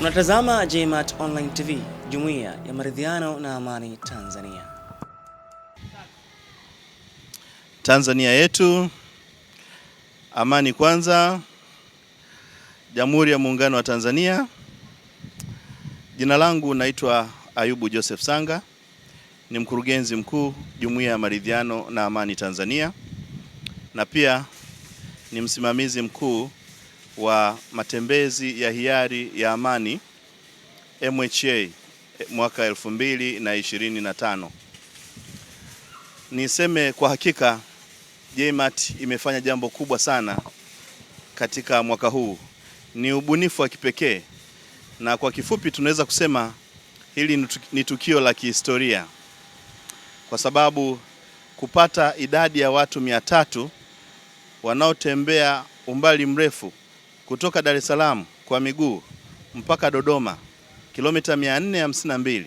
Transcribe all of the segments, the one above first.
Unatazama JMAT Online TV, Jumuiya ya Maridhiano na Amani Tanzania. Tanzania yetu, amani kwanza. Jamhuri ya Muungano wa Tanzania. Jina langu naitwa Ayubu Joseph Sanga, ni mkurugenzi mkuu Jumuiya ya Maridhiano na Amani Tanzania na pia ni msimamizi mkuu wa matembezi ya hiari ya amani MHA mwaka 2025. Niseme kwa hakika JMAT imefanya jambo kubwa sana katika mwaka huu, ni ubunifu wa kipekee, na kwa kifupi tunaweza kusema hili ni tukio la kihistoria kwa sababu kupata idadi ya watu mia tatu wanaotembea umbali mrefu kutoka Dar es Salaam kwa miguu mpaka Dodoma kilomita 452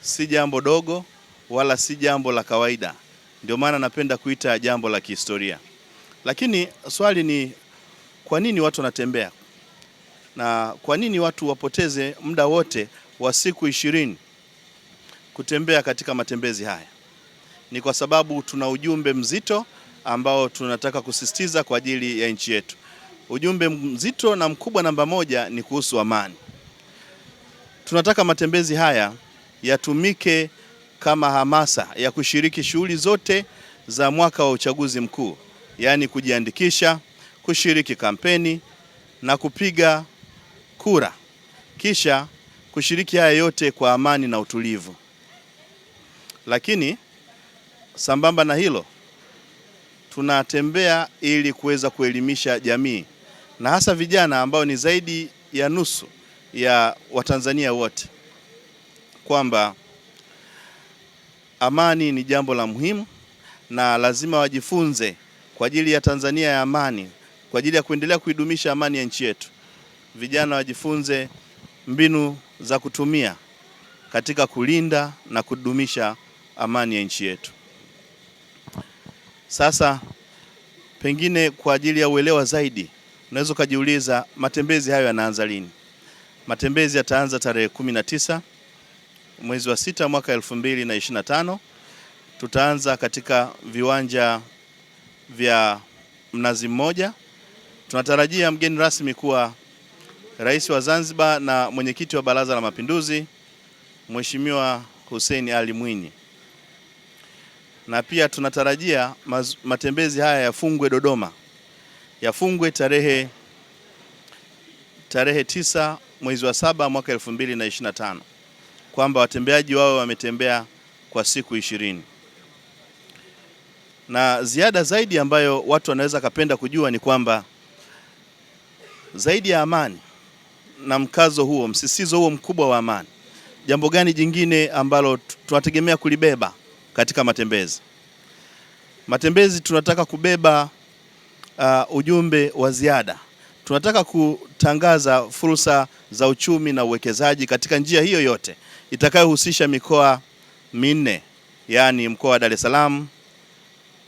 si jambo dogo wala si jambo la kawaida, ndio maana napenda kuita jambo la kihistoria. Lakini swali ni kwa nini watu wanatembea na kwa nini watu wapoteze muda wote wa siku ishirini kutembea katika matembezi haya? Ni kwa sababu tuna ujumbe mzito ambao tunataka kusisitiza kwa ajili ya nchi yetu ujumbe mzito na mkubwa namba moja ni kuhusu amani. Tunataka matembezi haya yatumike kama hamasa ya kushiriki shughuli zote za mwaka wa uchaguzi mkuu, yaani kujiandikisha, kushiriki kampeni na kupiga kura, kisha kushiriki haya yote kwa amani na utulivu. Lakini sambamba na hilo tunatembea ili kuweza kuelimisha jamii na hasa vijana ambao ni zaidi ya nusu ya Watanzania wote kwamba amani ni jambo la muhimu na lazima wajifunze kwa ajili ya Tanzania ya amani, kwa ajili ya kuendelea kuidumisha amani ya nchi yetu. Vijana wajifunze mbinu za kutumia katika kulinda na kudumisha amani ya nchi yetu. Sasa pengine kwa ajili ya uelewa zaidi Unaweza ukajiuliza matembezi hayo yanaanza lini? Matembezi yataanza tarehe kumi na tisa mwezi wa sita mwaka elfu mbili na ishirini na tano. Tutaanza katika viwanja vya Mnazi Mmoja. Tunatarajia mgeni rasmi kuwa Rais wa Zanzibar na mwenyekiti wa Baraza la Mapinduzi Mheshimiwa Hussein Ali Mwinyi, na pia tunatarajia matembezi haya yafungwe Dodoma yafungwe tarehe tarehe tisa mwezi wa saba mwaka na tano kwamba watembeaji wawe wametembea kwa siku ishirini. Na ziada zaidi ambayo watu wanaweza kapenda kujua ni kwamba zaidi ya amani na mkazo huo, msisitizo huo mkubwa wa amani, jambo gani jingine ambalo tunategemea kulibeba katika matembezi? Matembezi tunataka kubeba uh, ujumbe wa ziada. Tunataka kutangaza fursa za uchumi na uwekezaji katika njia hiyo yote itakayohusisha mikoa minne, yaani mkoa wa Dar es Salaam,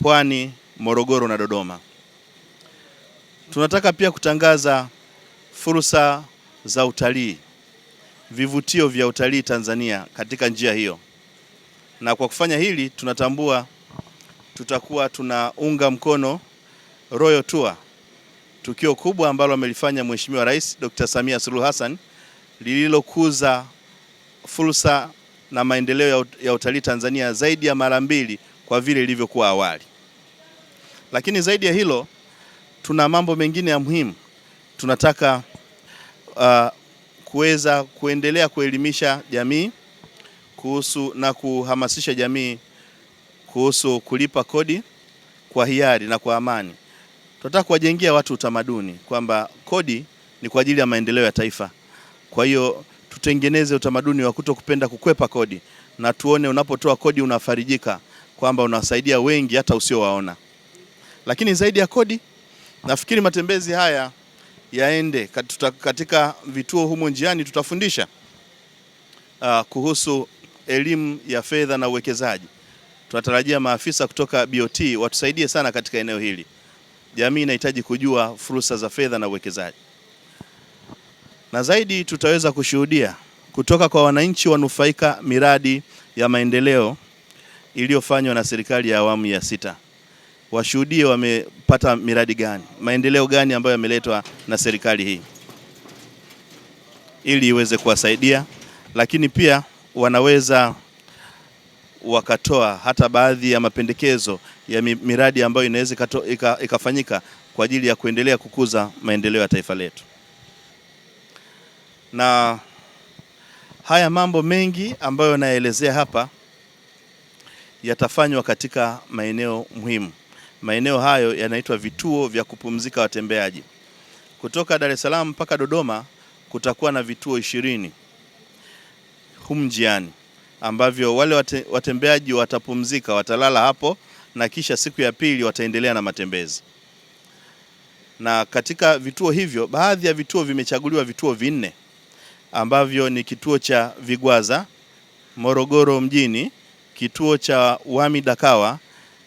Pwani, Morogoro na Dodoma. Tunataka pia kutangaza fursa za utalii, vivutio vya utalii Tanzania katika njia hiyo. Na kwa kufanya hili tunatambua tutakuwa tunaunga mkono Royal Tour, tukio kubwa ambalo amelifanya Mheshimiwa Rais Dr. Samia Suluhu Hassan lililokuza fursa na maendeleo ya utalii Tanzania zaidi ya mara mbili kwa vile ilivyokuwa awali. Lakini zaidi ya hilo, tuna mambo mengine ya muhimu tunataka uh, kuweza kuendelea kuelimisha jamii kuhusu na kuhamasisha jamii kuhusu kulipa kodi kwa hiari na kwa amani. Tunataka kuwajengea watu utamaduni kwamba kodi ni kwa ajili ya maendeleo ya taifa. Kwa hiyo tutengeneze utamaduni wa kuto kupenda kukwepa kodi, na tuone unapotoa kodi unafarijika kwamba unasaidia wengi hata usiowaona. Lakini zaidi ya kodi, nafikiri matembezi haya yaende katika vituo humo njiani, tutafundisha uh, kuhusu elimu ya fedha na uwekezaji. Tunatarajia maafisa kutoka BOT watusaidie sana katika eneo hili. Jamii inahitaji kujua fursa za fedha na uwekezaji, na zaidi tutaweza kushuhudia kutoka kwa wananchi wanufaika miradi ya maendeleo iliyofanywa na serikali ya awamu ya sita, washuhudie wamepata miradi gani, maendeleo gani ambayo yameletwa na serikali hii, ili iweze kuwasaidia, lakini pia wanaweza wakatoa hata baadhi ya mapendekezo ya miradi ambayo inaweza ikafanyika kwa ajili ya kuendelea kukuza maendeleo ya taifa letu. Na haya mambo mengi ambayo naelezea hapa yatafanywa katika maeneo muhimu. Maeneo hayo yanaitwa vituo vya kupumzika watembeaji. Kutoka Dar es Salaam mpaka Dodoma kutakuwa na vituo ishirini humu njiani ambavyo wale wate, watembeaji watapumzika, watalala hapo na kisha siku ya pili wataendelea na matembezi. Na katika vituo hivyo, baadhi ya vituo vimechaguliwa vituo vinne ambavyo ni kituo cha Vigwaza Morogoro mjini, kituo cha Wami Dakawa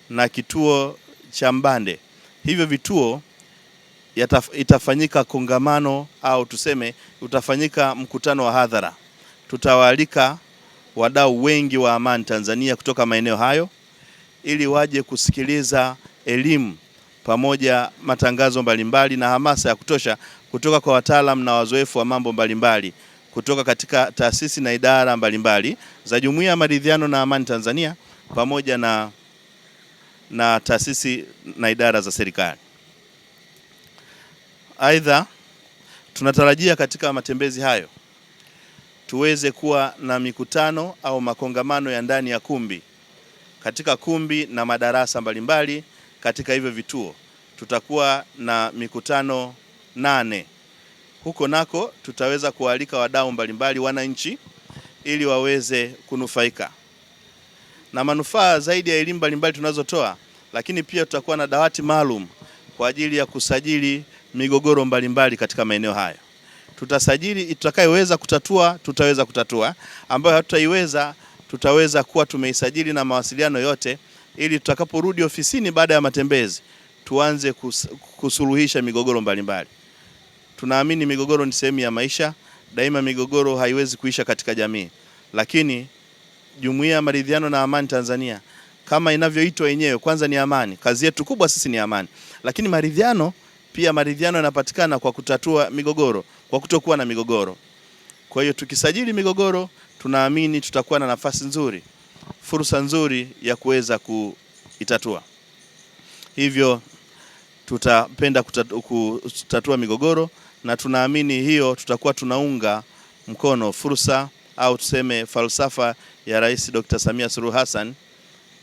na kituo cha Mbande. Hivyo vituo yataf, itafanyika kongamano au tuseme utafanyika mkutano wa hadhara, tutawaalika wadau wengi wa amani Tanzania kutoka maeneo hayo ili waje kusikiliza elimu pamoja matangazo mbalimbali na hamasa ya kutosha kutoka kwa wataalamu na wazoefu wa mambo mbalimbali kutoka katika taasisi na idara mbalimbali za Jumuiya ya Maridhiano na Amani Tanzania pamoja na, na taasisi na idara za serikali. Aidha, tunatarajia katika matembezi hayo tuweze kuwa na mikutano au makongamano ya ndani ya kumbi, katika kumbi na madarasa mbalimbali katika hivyo vituo. Tutakuwa na mikutano nane huko nako tutaweza kualika wadau mbalimbali, wananchi ili waweze kunufaika na manufaa zaidi ya elimu mbalimbali tunazotoa, lakini pia tutakuwa na dawati maalum kwa ajili ya kusajili migogoro mbalimbali katika maeneo hayo tutasajili tutakayeweza kutatua tutaweza kutatua, ambayo hatutaiweza tutaweza kuwa tumeisajili na mawasiliano yote, ili tutakaporudi ofisini baada ya matembezi tuanze kusuluhisha migogoro mbalimbali. Tunaamini migogoro ni sehemu ya maisha daima, migogoro haiwezi kuisha katika jamii, lakini Jumuiya ya Maridhiano na Amani Tanzania kama inavyoitwa yenyewe, kwanza ni amani. Kazi yetu kubwa sisi ni amani, lakini maridhiano pia, maridhiano yanapatikana kwa kutatua migogoro kwa kutokuwa na migogoro. Kwa hiyo tukisajili migogoro, tunaamini tutakuwa na nafasi nzuri, fursa nzuri ya kuweza kuitatua. Hivyo tutapenda kutatua migogoro na tunaamini hiyo tutakuwa tunaunga mkono fursa au tuseme falsafa ya Rais Dr. Samia Suluhu Hassan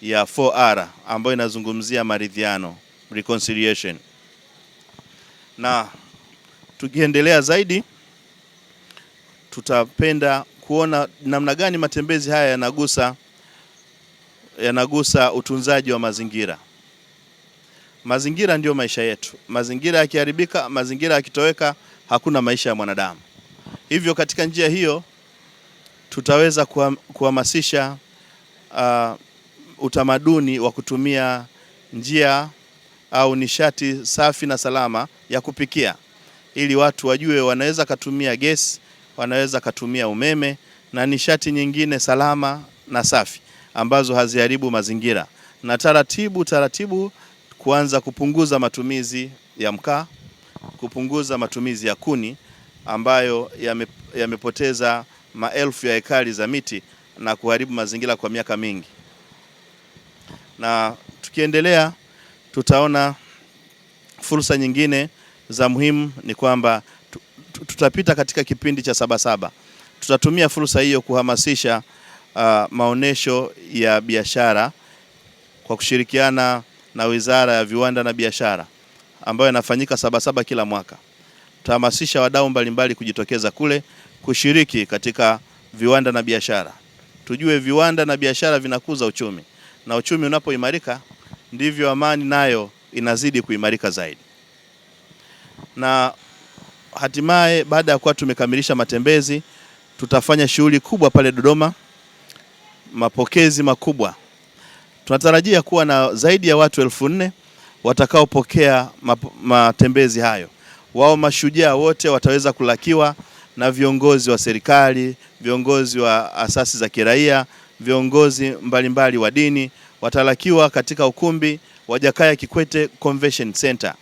ya 4R ambayo inazungumzia maridhiano, reconciliation na Tukiendelea zaidi, tutapenda kuona namna gani matembezi haya yanagusa yanagusa utunzaji wa mazingira. Mazingira ndiyo maisha yetu. Mazingira yakiharibika, mazingira yakitoweka, hakuna maisha ya mwanadamu. Hivyo katika njia hiyo tutaweza kuhamasisha uh, utamaduni wa kutumia njia au nishati safi na salama ya kupikia ili watu wajue wanaweza katumia gesi, wanaweza katumia umeme na nishati nyingine salama na safi ambazo haziharibu mazingira, na taratibu taratibu kuanza kupunguza matumizi ya mkaa, kupunguza matumizi ya kuni ambayo yamepoteza ya maelfu ya ekari za miti na kuharibu mazingira kwa miaka mingi. Na tukiendelea tutaona fursa nyingine za muhimu ni kwamba tutapita katika kipindi cha Sabasaba. Tutatumia fursa hiyo kuhamasisha uh, maonesho ya biashara kwa kushirikiana na Wizara ya Viwanda na Biashara ambayo yanafanyika Sabasaba kila mwaka. Tutahamasisha wadau mbalimbali kujitokeza kule kushiriki katika viwanda na biashara. Tujue viwanda na biashara vinakuza uchumi, na uchumi unapoimarika ndivyo amani nayo inazidi kuimarika zaidi na hatimaye baada ya kuwa tumekamilisha matembezi, tutafanya shughuli kubwa pale Dodoma, mapokezi makubwa. Tunatarajia kuwa na zaidi ya watu elfu nne watakaopokea matembezi hayo. Wao mashujaa wote wataweza kulakiwa na viongozi wa serikali, viongozi wa asasi za kiraia, viongozi mbalimbali mbali wa dini watalakiwa katika ukumbi wa Jakaya Kikwete Convention Center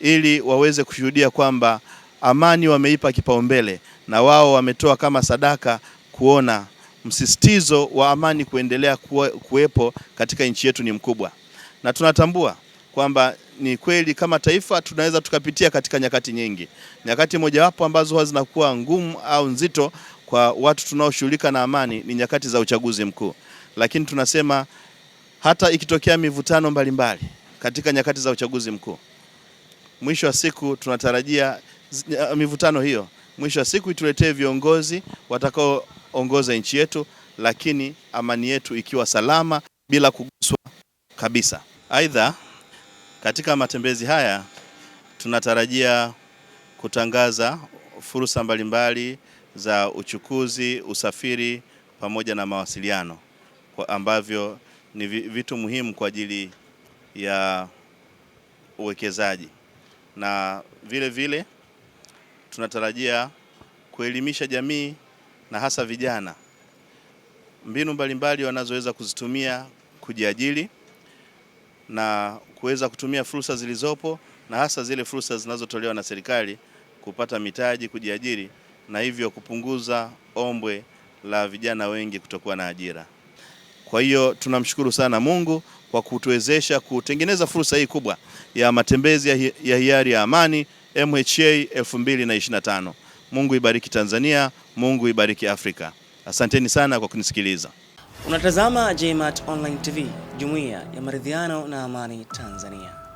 ili waweze kushuhudia kwamba amani wameipa kipaumbele na wao wametoa kama sadaka, kuona msisitizo wa amani kuendelea kuwepo katika nchi yetu ni mkubwa, na tunatambua kwamba ni kweli kama taifa tunaweza tukapitia katika nyakati nyingi. Nyakati mojawapo ambazo huwa zinakuwa ngumu au nzito kwa watu tunaoshughulika na amani ni nyakati za uchaguzi mkuu, lakini tunasema hata ikitokea mivutano mbalimbali katika nyakati za uchaguzi mkuu mwisho wa siku tunatarajia eh, mivutano hiyo mwisho wa siku ituletee viongozi watakaoongoza nchi yetu, lakini amani yetu ikiwa salama bila kuguswa kabisa. Aidha, katika matembezi haya tunatarajia kutangaza fursa mbalimbali za uchukuzi, usafiri pamoja na mawasiliano kwa ambavyo ni vitu muhimu kwa ajili ya uwekezaji na vile vile tunatarajia kuelimisha jamii na hasa vijana mbinu mbalimbali wanazoweza kuzitumia kujiajiri na kuweza kutumia fursa zilizopo na hasa zile fursa zinazotolewa na serikali kupata mitaji, kujiajiri na hivyo kupunguza ombwe la vijana wengi kutokuwa na ajira. Kwa hiyo tunamshukuru sana Mungu kwa kutuwezesha kutengeneza fursa hii kubwa ya matembezi ya, hiari ya amani MHA 2025. Mungu ibariki Tanzania, Mungu ibariki Afrika. Asanteni sana kwa kunisikiliza. Unatazama JMAT Online TV, Jumuiya ya Maridhiano na Amani Tanzania.